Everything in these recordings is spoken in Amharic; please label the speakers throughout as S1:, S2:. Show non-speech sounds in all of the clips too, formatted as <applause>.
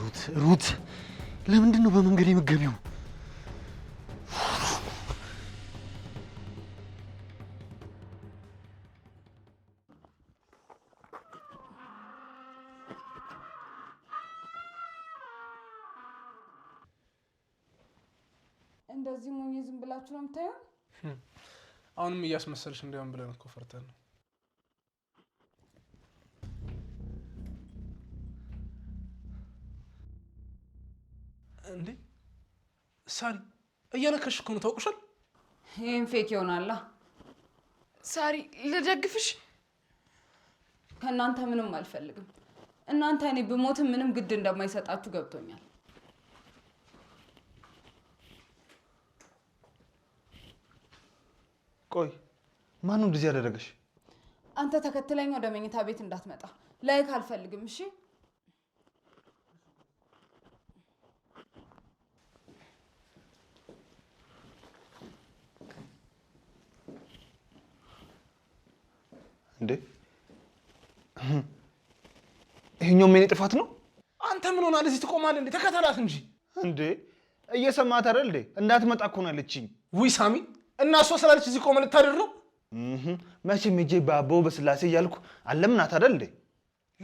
S1: ሩት ሩት፣ ለምንድን ነው በመንገድ የምትገቢው?
S2: እንደዚህ ሞኝ ዝም ብላችሁ ነው የምታየው?
S1: አሁንም እያስመሰልሽ እንዲያውም ብለን እኮ ፈርተን ነው ሳሪ እየነከሽ እኮ ነው ታውቁሻል።
S2: ይህም ፌክ ይሆናላ። ሳሪ ልደግፍሽ፣ ከእናንተ ምንም አልፈልግም። እናንተ እኔ ብሞትም ምንም ግድ እንደማይሰጣችሁ ገብቶኛል።
S1: ቆይ ማንም እንደዚህ ያደረገሽ?
S2: አንተ ተከትለኝ ወደ መኝታ ቤት እንዳትመጣ ላይክ አልፈልግም። እሺ
S1: እንዴ ይሄኛውም የኔ ጥፋት ነው? አንተ ምን ሆና ለዚህ ትቆማለህ እንዴ? ተከተላት እንጂ እንዴ እየሰማት አይደል እንዴ? እንዳትመጣ እኮ ነው ያለችኝ። ውይ ሳሚ እና እሷ ስላለች እዚህ ቆመ ልታደር ነው? መቼም ሂጄ በአቦ በስላሴ እያልኩ አለምናት አይደል እንዴ?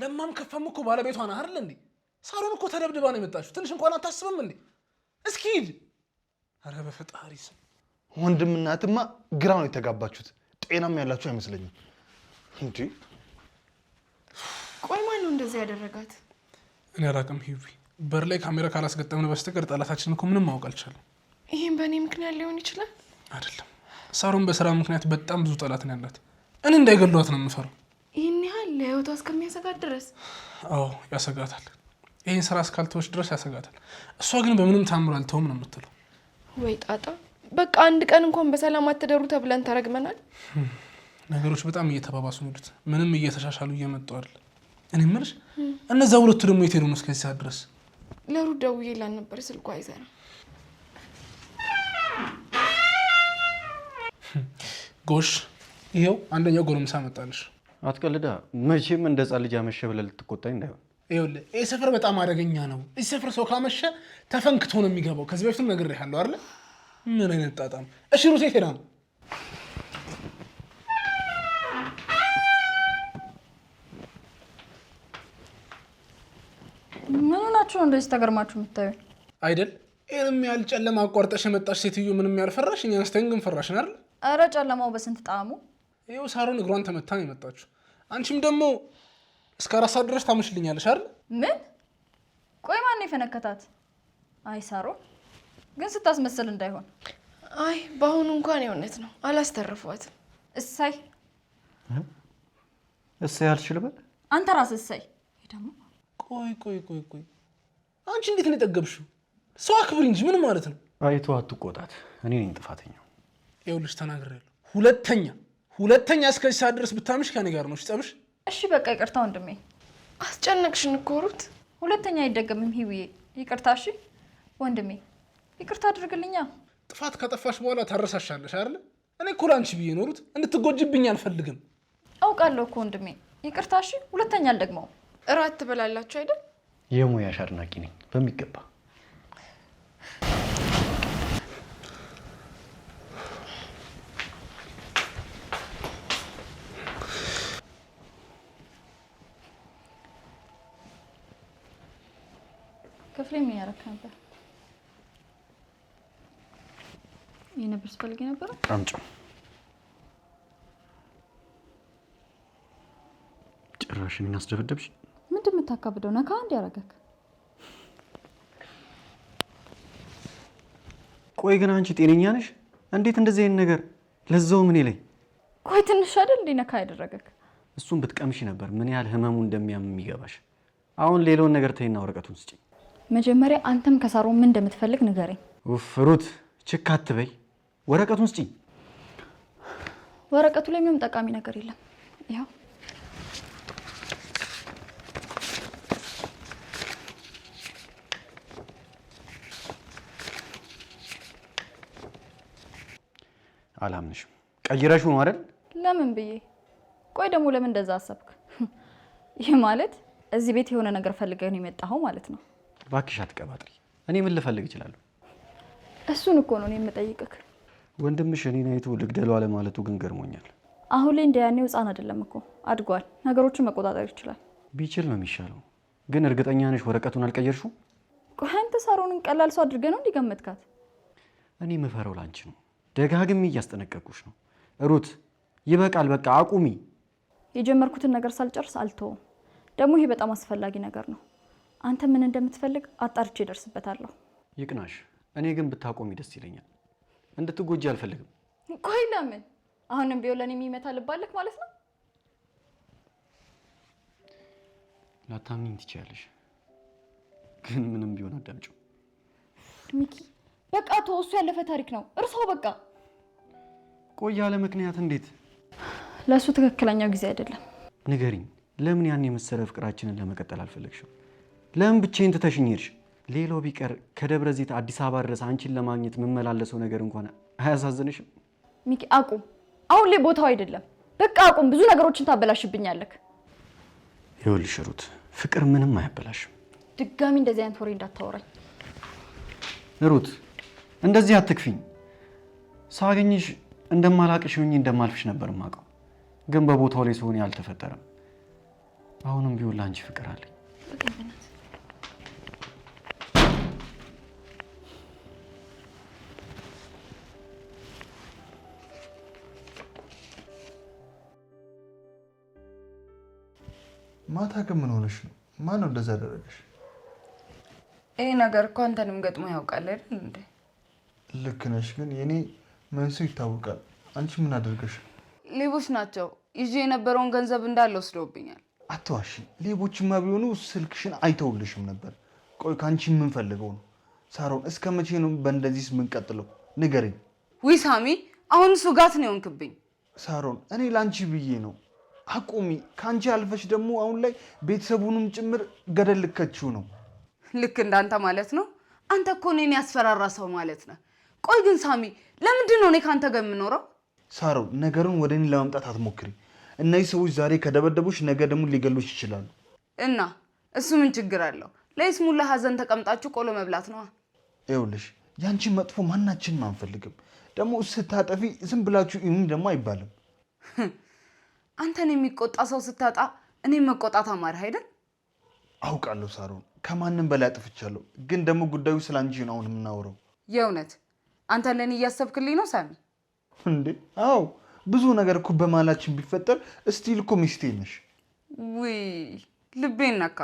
S1: ለማም ከፈም እኮ ባለቤቷ ናት አይደል እንዴ? ሳሮን እኮ ተደብድባ ነው የመጣችሁ። ትንሽ እንኳን አታስብም እንዴ? እስኪ ሂድ። ኧረ በፈጣሪ ስም ወንድምናትማ ግራ ነው የተጋባችሁት። ጤናም ያላችሁ አይመስለኝም። እንዴ!
S2: ቆይ ማን ነው እንደዚህ ያደረጋት?
S1: እኔ አላውቅም። ሂዊ በር ላይ ካሜራ ካላስገጠምን በስተቀር ጠላታችን እኮ ምንም ማወቅ አልቻለም።
S2: ይህም በእኔ ምክንያት ሊሆን ይችላል።
S1: አይደለም፣ ሳሩን በስራ ምክንያት በጣም ብዙ ጠላት ነው ያላት። እኔ እንዳይገሏት ነው የምፈራው።
S2: ይህን ያህል ለህይወቷ እስከሚያሰጋት ድረስ?
S1: አዎ ያሰጋታል። ይህን ስራ እስካልተዎች ድረስ ያሰጋታል። እሷ ግን በምንም ታምር አልተውም ነው የምትለው።
S2: ወይ ጣጣ! በቃ አንድ ቀን እንኳን በሰላም አትደሩ ተብለን ተረግመናል።
S1: hm ነገሮች በጣም እየተባባሱ ሄዱት። ምንም እየተሻሻሉ እየመጡ አይደል። እኔ የምልሽ እነዛ ሁለቱ ደግሞ የት ሄዱ ነው? እስከዚህ ሰዓት ድረስ
S2: ለሩት ደውዬላት ነበር፣ ስልኳ አይሰራም።
S1: ጎሽ ይኸው አንደኛው ጎረምሳ መጣልሽ።
S3: አትቀልዳ። መቼም እንደ ጻ ልጅ አመሸ ብለህ ልትቆጣኝ እንዳይሆን።
S1: ይኸውልህ ይህ ሰፈር በጣም አደገኛ ነው። እዚህ ሰፈር ሰው ካመሸ ተፈንክቶ ነው የሚገባው። ከዚህ በፊትም ነግሬሃለሁ አይደለ? ምን አይነት ጣጣም። እሺ ሩት የት ሄዳ ነው?
S2: ሆናችሁ ነው እንደዚህ ተገርማችሁ የምታዩ
S1: አይደል? ይህንም ያህል ጨለማ አቋርጠሽ የመጣሽ ሴትዮ ምንም ያልፈራሽ እኛ ስተን ግን ፈራሽን አይደል?
S2: እረ ጨለማው በስንት ጣዕሙ።
S1: ይኸው ሳሩን እግሯን ተመታ ነው የመጣችሁ። አንቺም ደግሞ እስከ አራት ድረስ ታመሽልኛለሽ አይደል?
S2: ምን? ቆይ ማን የፈነከታት? አይ ሳሮን ግን ስታስመስል እንዳይሆን።
S4: አይ በአሁኑ እንኳን የእውነት ነው አላስተረፏትም።
S2: እሳይ እሳይ አልችልም። አንተ ራስህ እሳይ ደግሞ
S1: ቆይ ቆይ ቆይ ቆይ አንቺ እንዴት ነው የጠገብሽው? ሰው አክብሪ እንጂ ምን ማለት ነው?
S3: አይቶ አትቆጣት። እኔ ነኝ ጥፋተኛው።
S1: ይኸውልሽ ተናግሬያለሁ። ሁለተኛ ሁለተኛ እስከዚህ ሰዓት ድረስ ብታምሽ ከኔ ጋር ነው ጠብሽ።
S2: እሺ በቃ ይቅርታ ወንድሜ፣
S4: አስጨነቅሽን እኮ ሩት።
S2: ሁለተኛ አይደገምም። ሂውዬ ይቅርታ። እሺ ወንድሜ ይቅርታ አድርግልኛ።
S1: ጥፋት ከጠፋሽ በኋላ ታረሳሻለሽ አይደለ? እኔ እኮ ለአንቺ ብዬ ኖሩት እንድትጎጅብኝ አልፈልግም።
S2: አውቃለሁ እኮ ወንድሜ፣ ይቅርታ። እሺ ሁለተኛ አልደግመውም።
S4: እራት ትበላላችሁ አይደል?
S3: የሙያሽ አድናቂ ነኝ። በሚገባ
S2: ክፍሌ ምን ያደረክ ነበር? ይህ ነበር ስፈልግ ነበረ።
S1: አምጪ ጭራሽ የሚናስደፈደብሽ
S2: ምንድን የምታካብደው ነካ እንዲያረገክ
S1: ቆይ ግን አንቺ ጤነኛ ነሽ? እንዴት እንደዚህ አይነት ነገር ለዛው ምን ላይ
S2: ቆይ ትንሽ አይደል እንዴ ነካ ያደረገክ?
S1: እሱን ብትቀምሽ ነበር ምን ያህል ህመሙ እንደሚያም የሚገባሽ። አሁን ሌላውን ነገር ተይና ወረቀቱን ስጭኝ።
S2: መጀመሪያ አንተም ከሳሮ ምን እንደምትፈልግ ንገረኝ።
S1: ኡፍ ሩት ችክ አትበይ። ወረቀቱን ስጭኝ።
S2: ወረቀቱ ላይ ምንም ጠቃሚ ነገር የለም። ያው
S1: አላምንሽም። ቀይረሹ ነው አይደል?
S2: ለምን ብዬ ቆይ ደግሞ ለምን እንደዛ አሰብክ? <laughs> ይህ ማለት እዚህ ቤት የሆነ ነገር ፈልገህ ነው የመጣኸው ማለት ነው?
S1: እባክሽ አትቀባጥሪ። እኔ ምን ልፈልግ እችላለሁ?
S2: እሱን እኮ ነው እኔ የምጠይቅክ
S1: ወንድምሽ እኔን አይቶ ልግደለው አለማለቱ ግን ገርሞኛል።
S2: አሁን ላይ እንደ ያኔው ህፃን አይደለም እኮ አድጓል። ነገሮችን መቆጣጠር ይችላል።
S1: ቢችል ነው የሚሻለው። ግን እርግጠኛ ነሽ ወረቀቱን አልቀየርሽው?
S2: ቆይ አንተ ሳሮንን ቀላል ሰው አድርገህ ነው እንዲገመትካት?
S1: እኔ የምፈረው ላንቺ ነው ደጋግሜ እያስጠነቀቁሽ ነው ሩት። ይበቃል፣ በቃ አቁሚ።
S2: የጀመርኩትን ነገር ሳልጨርስ አልተውም። ደግሞ ይሄ በጣም አስፈላጊ ነገር ነው። አንተ ምን እንደምትፈልግ አጣርቼ እደርስበታለሁ።
S1: ይቅናሽ። እኔ ግን ብታቆሚ ደስ ይለኛል። እንድትጎጂ አልፈልግም።
S2: ቆይ ለምን አሁንም ቢሆን ለእኔ የሚመታ ልባለክ ማለት ነው?
S1: ላታምኚኝ ትችያለሽ፣ ግን ምንም ቢሆን አዳምጪው
S2: ሚኪ በቃ ቶ እሱ ያለፈ ታሪክ ነው። እርሳው በቃ።
S1: ቆይ ያለ ምክንያት እንዴት?
S2: ለእሱ ትክክለኛው ጊዜ አይደለም።
S1: ንገሪኝ፣ ለምን ያን የመሰለ ፍቅራችንን ለመቀጠል አልፈለግሽም? ለምን ብቻዬን ትተሽኝ ሄድሽ? ሌላው ቢቀር ከደብረ ዘይት አዲስ አበባ ድረስ አንቺን ለማግኘት የምመላለሰው ነገር እንኳን አያሳዝንሽም?
S2: ሚኪ አቁም፣ አሁን ላይ ቦታው አይደለም። በቃ አቁም፣ ብዙ ነገሮችን ታበላሽብኛለክ።
S1: ይኸውልሽ ሩት፣ ፍቅር ምንም አያበላሽም።
S2: ድጋሚ እንደዚህ አይነት ወሬ እንዳታወራኝ
S1: ሩት። እንደዚህ አትክፊኝ። ሳገኝሽ እንደማላቅሽ ሆኜ እንደማልፍሽ ነበር ማውቀው፣ ግን በቦታው ላይ ሲሆን አልተፈጠረም። አሁንም ቢሆን ለአንቺ ፍቅር አለኝ። ማታ ግን ምን ሆነሽ ነው? ማን ነው እንደዛ ያደረገሽ?
S2: ይህ ነገር እኮ አንተንም ገጥሞ ያውቃል አይደል እንዴ?
S1: ልክ ነሽ፣ ግን የኔ መንሱ ይታወቃል። አንቺ ምን አደርገሽ?
S2: ሌቦች ናቸው። ይዤ የነበረውን ገንዘብ እንዳለ ወስደውብኛል።
S1: አትዋሺ። ሌቦችማ ቢሆኑ ስልክሽን አይተውልሽም ነበር። ቆይ ከአንቺ የምንፈልገው ነው ሳሮን፣ እስከ መቼ ነው በእንደዚህ የምንቀጥለው? ንገርኝ
S2: ውይ ሳሚ፣ አሁን እሱ ጋት ነው የሆንክብኝ።
S1: ሳሮን፣ እኔ ለአንቺ ብዬ ነው። አቁሚ። ከአንቺ አልፈሽ ደግሞ አሁን ላይ ቤተሰቡንም ጭምር ገደል ልከችው ነው።
S2: ልክ እንዳንተ ማለት ነው። አንተ እኮ እኔን ያስፈራራ ሰው ማለት ነው። ቆይ ግን ሳሚ ለምንድን ነው እኔ ከአንተ ጋር የምኖረው?
S1: ሳሮ ነገሩን ወደ እኔ ለማምጣት አትሞክሪ። እነዚህ ሰዎች ዛሬ ከደበደቡሽ ነገ ደግሞ ሊገሉሽ ይችላሉ።
S2: እና እሱ ምን ችግር አለው? ለይስሙላ ሀዘን ተቀምጣችሁ ቆሎ መብላት ነዋ።
S1: ይኸውልሽ ያንቺን መጥፎ ማናችንም አንፈልግም። ደግሞ ስታጠፊ ዝም ብላችሁ ይሁን ደግሞ አይባልም።
S2: አንተን የሚቆጣ ሰው ስታጣ እኔ መቆጣት አማርህ አይደል?
S1: አውቃለሁ ሳሮን፣ ከማንም በላይ አጥፍቻለሁ። ግን ደግሞ ጉዳዩ ስለ አንቺ ነው አሁን የምናወራው
S2: የእውነት አንተ ለእኔ እያሰብክልኝ ነው ሳሚ?
S1: እንዴ አዎ፣ ብዙ ነገር እኮ በማላችን ቢፈጠር እስቲል እኮ ሚስቴ ነሽ።
S2: ውይ ልቤ ነካ።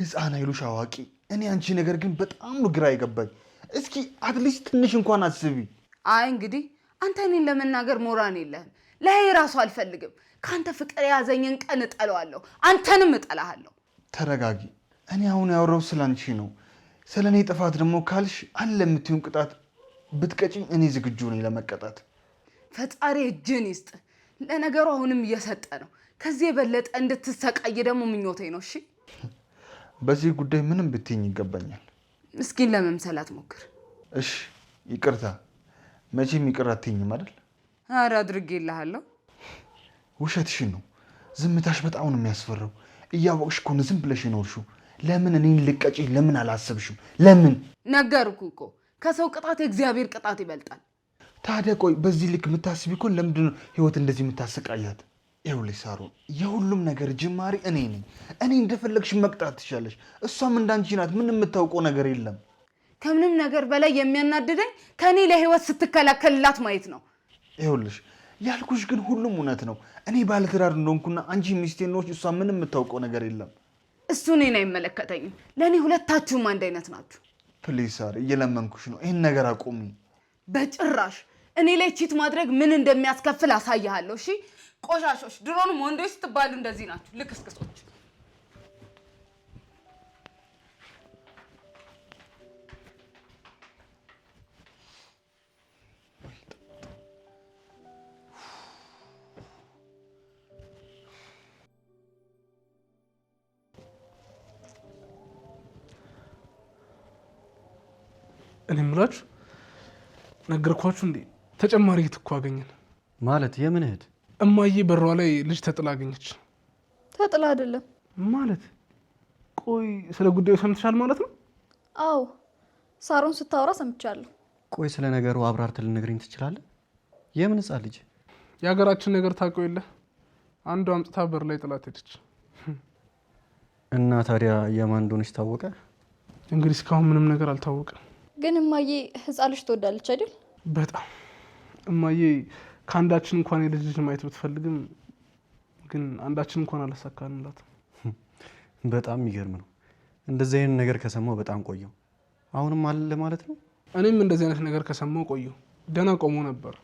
S1: ህፃን አይሉሽ አዋቂ። እኔ አንቺ ነገር ግን በጣም ግራ ይገባኝ። እስኪ አትሊስት ትንሽ እንኳን አስቢ።
S2: አይ እንግዲህ አንተ እኔን ለመናገር ሞራን የለህም። ለይ ራሱ አልፈልግም። ከአንተ ፍቅር የያዘኝን ቀን እጠለዋለሁ፣ አንተንም እጠላሃለሁ።
S1: ተረጋጊ። እኔ አሁን ያወራው ስለ አንቺ ነው ስለ እኔ ጥፋት ደግሞ ካልሽ አለ የምትይውን ቅጣት ብትቀጭኝ እኔ ዝግጁ ነኝ ለመቀጣት።
S2: ፈጣሪ እጅን ይስጥ። ለነገሩ አሁንም እየሰጠ ነው። ከዚህ የበለጠ እንድትሰቃይ ደግሞ ምኞቴ ነው። እሺ፣
S1: በዚህ ጉዳይ ምንም ብትይኝ ይገባኛል።
S2: ምስኪን ለመምሰል አትሞክር።
S1: እሺ፣ ይቅርታ። መቼም ይቅር አትይኝም አይደል?
S2: ኧረ አድርጌልሃለሁ።
S1: ውሸትሽን ነው። ዝምታሽ በጣም ነው የሚያስፈራው። እያወቅሽ ከሆነ ዝም ብለሽ ይኖርሽው ለምን እኔን ልቀጭ ለምን አላሰብሽም? ለምን
S2: ነገርኩ እኮ ከሰው ቅጣት የእግዚአብሔር ቅጣት ይበልጣል።
S1: ታዲያ ቆይ በዚህ ልክ የምታስቢ እኮ ለምንድነው ህይወት እንደዚህ የምታሰቃያት? ይኸውልሽ ሳሮን፣ የሁሉም ነገር ጅማሬ እኔ ነኝ። እኔ እንደፈለግሽ መቅጣት ትሻለሽ፣ እሷም እንዳንቺ ናት። ምን የምታውቀው ነገር የለም።
S2: ከምንም ነገር በላይ የሚያናድደኝ ከእኔ ለህይወት ስትከላከልላት ማየት ነው።
S1: ይኸውልሽ ያልኩሽ ግን ሁሉም እውነት ነው። እኔ ባለትዳር እንደሆንኩና አንቺ ሚስቴ ነች። እሷ ምን የምታውቀው ነገር የለም።
S2: እሱ እኔን አይመለከተኝም። ለእኔ ሁለታችሁም አንድ አይነት ናችሁ።
S1: ፕሊዝ ሳሪ፣ እየለመንኩሽ ነው፣ ይህን ነገር አቁሚ።
S2: በጭራሽ እኔ ላይ ቺት ማድረግ ምን እንደሚያስከፍል አሳያለሁ። እሺ ቆሻሾች፣ ድሮንም ወንዶች ስትባሉ እንደዚህ ናችሁ፣ ልክስክሶች
S1: እኔ የምላችሁ ነገርኳችሁ እንዴ? ተጨማሪ እህት እኮ አገኘን።
S3: ማለት የምን እህት?
S1: እማዬ በሯ ላይ ልጅ ተጥላ አገኘች።
S2: ተጥላ አይደለም
S1: ማለት። ቆይ ስለ ጉዳዩ ሰምትሻል ማለት ነው?
S2: አዎ ሳሮን ስታወራ ሰምቻለሁ።
S3: ቆይ ስለ ነገሩ አብራርት ልነግረኝ ትችላለህ? የምን ህፃን ልጅ?
S1: የሀገራችን ነገር ታውቀው የለ አንዱ አምጥታ በር ላይ ጥላት ሄደች።
S3: እና ታዲያ የማን እንደሆነች ታወቀ?
S1: እንግዲህ እስካሁን ምንም ነገር አልታወቀም።
S2: ግን እማዬ ህፃን ልጅ ትወዳለች አይደል?
S1: በጣም እማዬ ከአንዳችን እንኳን የልጅ ልጅ ማየት ብትፈልግም ግን አንዳችን እንኳን አላሳካንላትም። <laughs>
S3: በጣም የሚገርም ነው። እንደዚህ አይነት ነገር ከሰማው በጣም ቆየ አሁንም አለ ማለት ነው።
S1: እኔም እንደዚህ አይነት ነገር ከሰማው ቆየሁ። ገና ቆሞ ነበር፣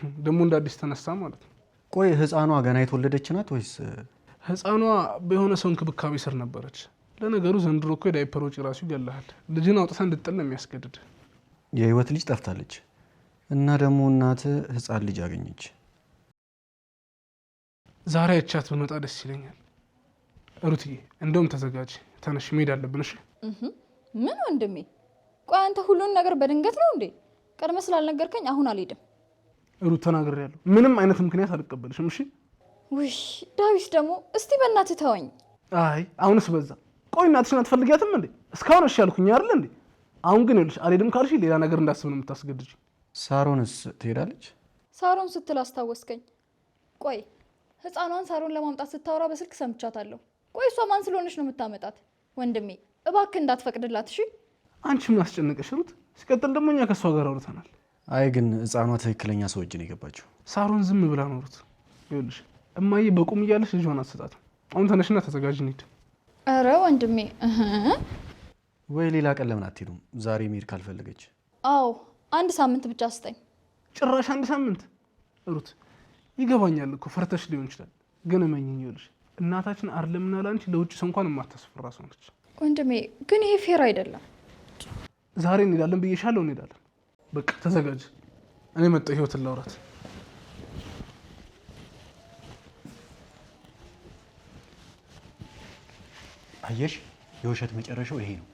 S1: <laughs> ደግሞ እንደ አዲስ ተነሳ ማለት ነው።
S3: ቆይ ህፃኗ ገና የተወለደች ናት ወይስ?
S1: ህፃኗ በሆነ ሰው እንክብካቤ ስር ነበረች። ለነገሩ ዘንድሮ እኮ የዳይፐሮች ራሱ ይገላሃል። ልጅን አውጥታ እንድጥል ነው የሚያስገድድ።
S3: የህይወት ልጅ ጠፍታለች እና ደግሞ እናት ህፃን ልጅ አገኘች።
S1: ዛሬ አይቻት በመጣ ደስ ይለኛል። ሩትዬ እንደውም ተዘጋጅ፣ ተነሽ፣ መሄድ አለብን። እሺ
S2: ምን ወንድሜ? ቆይ አንተ ሁሉን ነገር በድንገት ነው እንዴ? ቀድመ ስላልነገርከኝ አሁን አልሄድም።
S1: ሩት ተናግሬያለሁ፣ ምንም አይነት ምክንያት አልቀበልሽም። እሺ
S2: ውይ ዳዊት ደግሞ እስቲ በእናትህ ተወኝ።
S1: አይ አሁንስ በዛ ቆይ እናትሽን አትፈልጊያትም እንዴ? እስካሁን እሺ አልኩኝ አይደል እንዴ? አሁን ግን ይኸውልሽ አልሄድም ካልሽ ሌላ ነገር እንዳስብ ነው የምታስገድጅ።
S3: ሳሮንስ ትሄዳለች?
S2: ሳሮን ስትል አስታወስከኝ። ቆይ ህፃኗን ሳሮን ለማምጣት ስታወራ በስልክ ሰምቻታለሁ። ቆይ እሷ ማን ስለሆነች ነው የምታመጣት? ወንድሜ እባክ እንዳትፈቅድላት እሺ።
S1: አንቺ ምን አስጨነቀሽ ሩት? ሲቀጥል ደግሞ እኛ ከእሷ ጋር አውርተናል።
S3: አይ ግን ህፃኗ ትክክለኛ ሰው እጅ ነው የገባችው።
S1: ሳሮን ዝም ብላ ኖሩት። ይኸውልሽ እማዬ በቁም እያለሽ ልጇን አትሰጣትም። አሁን ተነሽና ተዘጋጅ እንሂድ።
S2: አረ ወንድሜ
S3: ወይ ሌላ ቀን ለምን አትሄዱም? ዛሬ መሄድ ካልፈለገች?
S2: አዎ አንድ ሳምንት ብቻ ስጠኝ።
S1: ጭራሽ አንድ ሳምንት? ሩት ይገባኛል እኮ ፈርተሽ ሊሆን ይችላል፣ ግን እመኝኝ ይኸውልሽ እናታችን አርለምና ላንቺ ለውጭ ሰው እንኳን የማታስፈራ ሰው ነች።
S2: ወንድሜ ግን ይሄ ፌር አይደለም።
S1: ዛሬ እንሄዳለን ብዬሻለሁ፣ እንሄዳለን። በቃ ተዘጋጅ፣ እኔ መጣሁ ህይወትን ላውራት
S3: አየሽ፣ የውሸት መጨረሻው ይሄ ነው።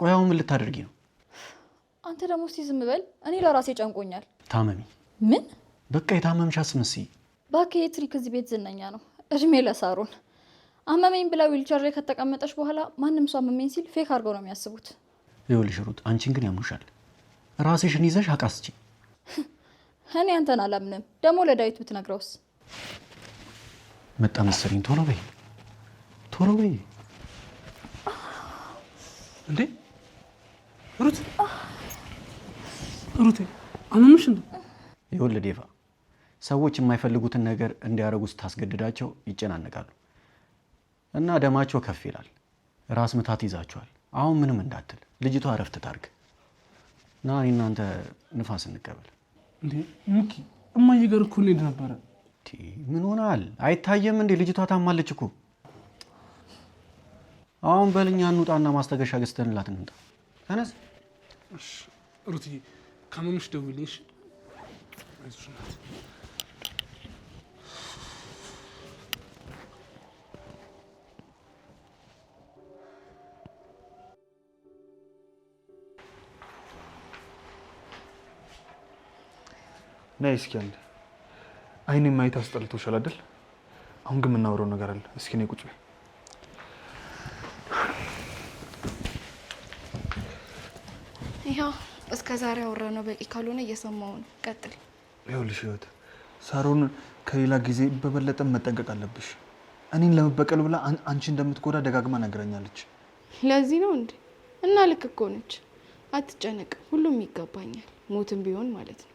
S3: ቆያው ምን ልታደርጊ ነው?
S2: አንተ ደግሞ እስቲ ዝም በል። እኔ ለራሴ ጨንቆኛል። ታመሚ? ምን?
S3: በቃ የታመምሽ አስመስይ።
S2: እባክህ የትሪ ከዚህ ቤት ዝነኛ ነው። እድሜ ለሳሩን። አመመኝ ብላ ዊልቸር ላይ ከተቀመጠች በኋላ ማንም ሰው አመመኝ ሲል ፌክ አድርገው ነው የሚያስቡት።
S3: ይኸውልሽ ሩት፣ አንቺን ግን ያምኑሻል። ራስሽን ይዘሽ አቃስቺ። <laughs>
S2: እኔ አንተን አላምንም። ደግሞ ለዳዊት ብትነግረውስ?
S3: መጣ መሰለኝ። ቶሎ በይ፣ ቶሎ በይ።
S1: እንዴ ሩት ሩቴ አመምሽ እንዴ?
S3: ይኸውልህ ዴቫ፣ ሰዎች የማይፈልጉትን ነገር እንዲያደርጉ ስታስገድዳቸው ይጨናነቃሉ እና ደማቸው ከፍ ይላል። ራስ ምታት ይዛቸዋል። አሁን ምንም እንዳትል ልጅቷ እረፍት ታርግ እና እኔ እናንተ ንፋስ እንቀበል።
S1: እንዴ ሙኪ፣ እማዬ ጋር እኮ እንሄድ ነበረ።
S3: ምን ሆናል? አይታየም እንዴ? ልጅቷ ታማለች እኮ አሁን በልኛ እንውጣና ማስታገሻ ገዝተንላት እንምጣ። ተነስ
S1: ሩቲ፣ ካመምሽ ደውልኝ። ነይ እስኪ አንዴ። አይኔ ማየት አስጠልቶሻል አይደል? አሁን ግን የምናወራው ነገር አለ። እስኪ ነይ ቁጭ በይ
S2: ይኸው እስከ ዛሬ ያወራነው በቂ ካልሆነ እየሰማው ነው። ቀጥል።
S1: ይኸውልሽ ህይወት፣ ሳሮን ከሌላ ጊዜ በበለጠም መጠንቀቅ አለብሽ። እኔን ለመበቀል ብላ አንቺ እንደምትጎዳ ደጋግማ ነገረኛለች።
S2: ለዚህ ነው እንዴ? እና ልክ እኮ ነች። አትጨነቅ፣ ሁሉም ይገባኛል። ሞትም ቢሆን ማለት ነው።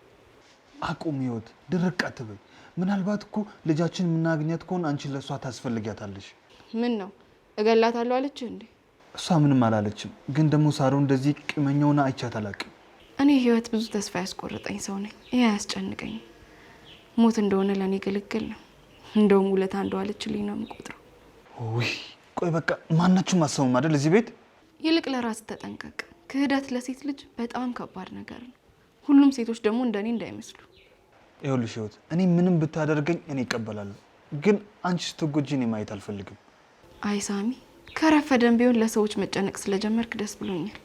S1: አቁም ህይወት፣ ድርቅ አትበይ። ምናልባት እኮ ልጃችን የምናገኛት ከሆን አንቺን ለእሷ ታስፈልጊያታለሽ።
S2: ምን ነው እገላታለሁ አለች እንዴ?
S1: እሷ ምንም አላለችም፣ ግን ደግሞ ሳሮ እንደዚህ ቂመኛውና አይቻት አላውቅም።
S2: እኔ ህይወት ብዙ ተስፋ ያስቆረጠኝ ሰው ነኝ። ይህ አያስጨንቀኝም። ሞት እንደሆነ ለእኔ ግልግል ነው። እንደውም ውለት አንዱ አለችልኝ ነው የምቆጥረው።
S1: ውይ ቆይ በቃ ማናችሁም አሰሙም አይደል? እዚህ ቤት
S2: ይልቅ ለራስ ተጠንቀቅ። ክህደት ለሴት ልጅ በጣም ከባድ ነገር ነው። ሁሉም ሴቶች ደግሞ እንደኔ እንዳይመስሉ።
S1: ይኸውልሽ ህይወት፣ እኔ ምንም ብታደርገኝ እኔ ይቀበላለሁ፣ ግን አንቺ ስትጎጂ እኔ ማየት አልፈልግም።
S2: አይ ሳሚ ከረፈደም ቢሆን ለሰዎች መጨነቅ ስለጀመርክ ደስ ብሎኛል።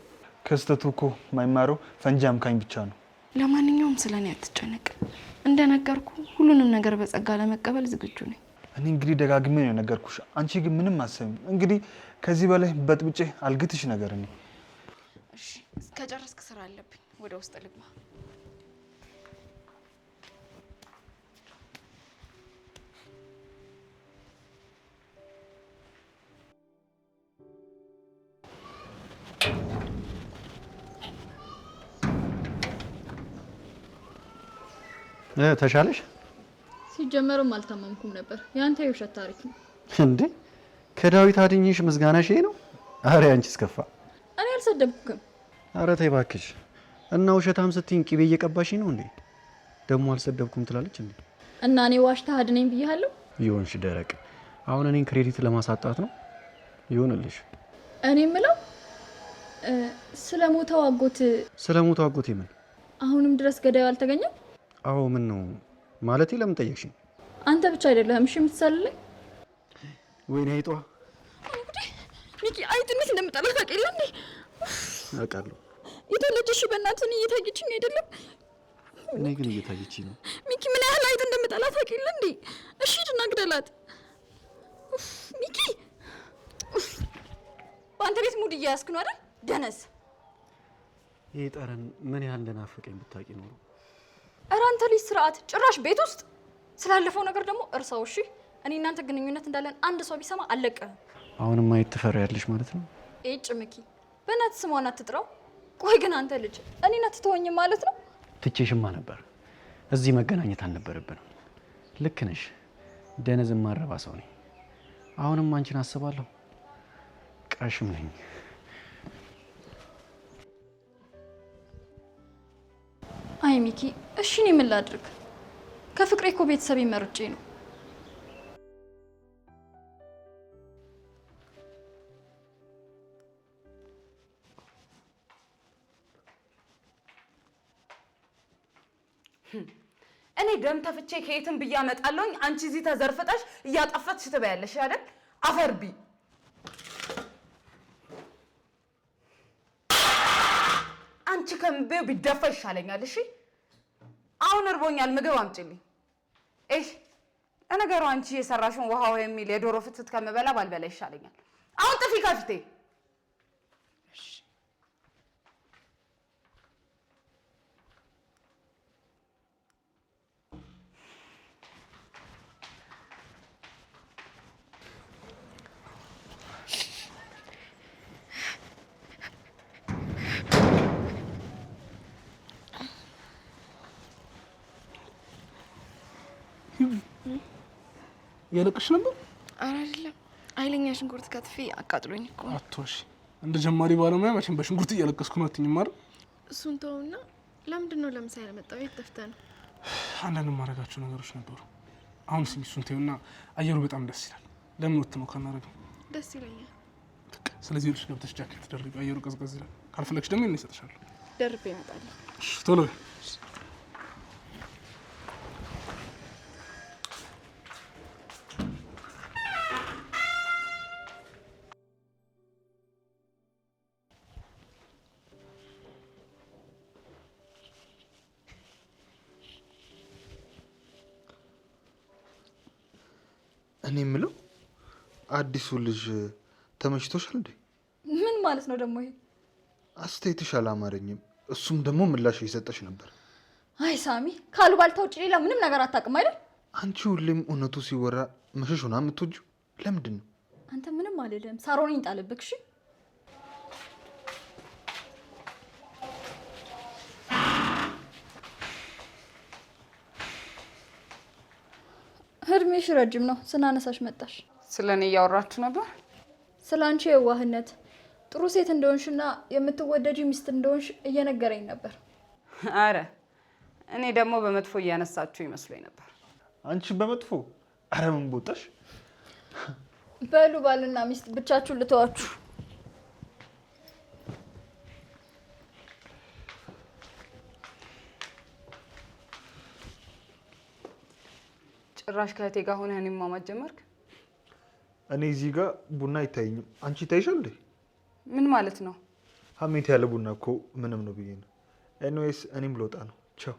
S1: ክስተቱ እኮ ማይማረው ፈንጂ አምካኝ ብቻ ነው።
S2: ለማንኛውም ስለ እኔ አትጨነቅ። እንደነገርኩ ሁሉንም ነገር በጸጋ ለመቀበል ዝግጁ ነኝ።
S1: እኔ እንግዲህ ደጋግሜ ነው የነገርኩሽ፣ አንቺ ግን ምንም አሰብም። እንግዲህ ከዚህ በላይ በጥብጬ አልግትሽ ነገር እኔ።
S2: እሺ፣ ስራ አለብኝ፣ ወደ ውስጥ ልግባ። ተሻለሽ? ሲጀመርም አልታመምኩም ነበር። ያንተ የውሸት ታሪክ ነው
S3: እንዴ? ከዳዊት አድኝሽ ምስጋናሽ ይሄ ነው? አረ አንቺስ ስከፋ
S2: እኔ አልሰደብኩም።
S3: አረ ተይ እባክሽ። እና ውሸታም ስትይኝ ቂቤ እየቀባሽ ነው እንዴ? ደግሞ አልሰደብኩም ትላለች እንዴ?
S2: እና እኔ ዋሽታ አድነኝ ብያለሁ?
S3: ይሁንሽ ደረቅ። አሁን እኔን ክሬዲት ለማሳጣት ነው? ይሁንልሽ።
S2: እኔ ምለው ስለሞተው አጎት
S3: ስለሞተው አጎት ምን
S2: አሁንም ድረስ ገዳዩ አልተገኘም?
S3: አዎ ምን ነው ማለቴ ለምን ጠየቅሽኝ?
S2: አንተ ብቻ አይደለህም እሺ የምትሳልልኝ።
S3: ወይኔ አይጧ ሚኪ፣ አይጥ እንዴት እንደምጠላ ታውቂያለህ እንዴ? አውቃለሁ። የተወለደ እሺ፣ በእናትህ እየታየችኝ አይደለም። እኔ ግን እየታየች ነው። ሚኪ፣ ምን ያህል አይጥ እንደምጠላ ታውቂያለህ እንዴ? እሺ፣ ሂድና ግደላት ሚኪ። በአንተ ቤት ሙድ እያያዝክ ነው አይደል? ደነዝ። ይህ ጠረን ምን ያህል እንደናፈቀኝ ብታውቂ ኖሩ እረ አንተ ልጅ ስርዓት! ጭራሽ ቤት ውስጥ ስላለፈው ነገር ደግሞ እርሳው። እሺ እኔ እናንተ ግንኙነት እንዳለን አንድ ሰው ቢሰማ አለቀ አሁንም ማየት ትፈሪያለሽ ማለት ነው? ኤጭ ምኪ፣ በእናትህ ስሟን አትጥራው። ቆይ ግን አንተ ልጅ እኔን አትተወኝም ማለት ነው? ትቼሽማ ነበር። እዚህ መገናኘት አልነበረብንም። ልክ ነሽ። ደነዝ ማረባ ሰው ነኝ። አሁንም አንቺን አስባለሁ። ቀሽም ነኝ። አይ ሚኪ እሺ እኔ ምን ላድርግ? ከፍቅሬ እኮ ቤተሰብ መርጬ ነው። እኔ ደም ተፍቼ ከየትም ብዬ አመጣለሁኝ። አንቺ እዚህ ተዘርፍጠሽ እያጠፈትሽ ትበያለሽ አይደል? አፈርቢ አንቺ ከምቤው ቢደፋ ይሻለኛል። እሺ አሁን እርቦኛል፣ ምግብ አምጪልኝ። እሽ ለነገሩ አንቺ የሰራሽውን ውሃ የሚል የዶሮ ፍትት ከምበላ ባልበላ ይሻለኛል። አሁን ጥፊ ከፊቴ እያለቅሽ ነበር? አረ አይደለም። ኃይለኛ ሽንኩርት ከትፌ አቃጥሎኝ እኮ። አቶሽ እንደ ጀማሪ ባለሙያ መቼም በሽንኩርት እያለቀስኩ ነው አትይኝም አይደል? እሱን ተውና፣ ለምንድን ነው ለምሳ ያልመጣው? የት ጠፍተህ ነው? አንዳንድ የማደርጋቸው ነገሮች ነበሩ። አሁን ስሚ፣ እሱን ተይውና፣ አየሩ በጣም ደስ ይላል። ለምን ወጥ ነው ካናረገው? ደስ ይለኛል። ስለዚህ ልጅ ገብተሽ ጃኬት ደርቢ፣ አየሩ ቀዝቀዝ ይላል። ካልፈለግሽ ደግሞ ይሰጥሻል። ደርቤ እመጣለሁ። ቶሎ አዲሱ ልጅ ተመችቶሻል እንዴ? ምን ማለት ነው ደግሞ ይሄ? አስተያየትሽ አላማረኝም። እሱም ደግሞ ምላሽ እየሰጠሽ ነበር። አይ ሳሚ፣ ካሉባልታ ውጭ ሌላ ምንም ነገር አታውቅም አይደል? አንቺ ሁሌም እውነቱ ሲወራ መሸሽ ሆና የምትወጂው ለምንድን ነው? አንተ ምንም አልልም። ሳሮን ጣልብክ። እሺ እድሜሽ ረጅም ነው። ስናነሳሽ መጣሽ። ስለ እኔ እያወራችሁ ነበር? ስለ አንቺ የዋህነት፣ ጥሩ ሴት እንደሆንሽና የምትወደጅ ሚስት እንደሆንሽ እየነገረኝ ነበር። አረ እኔ ደግሞ በመጥፎ እያነሳችሁ ይመስለኝ ነበር። አንቺ በመጥፎ አረ ምን ቦጠሽ? በሉ ባልና ሚስት ብቻችሁን ልተዋችሁ። ጭራሽ ከእቴ ጋር ሆነህ እኔ እዚህ ጋር ቡና አይታየኝም። አንቺ ይታይሻል እንዴ? ምን ማለት ነው? ሀሜት ያለ ቡና እኮ ምንም ነው ብዬ ነው። ኤኒዌይስ እኔም ልወጣ ነው። ቻው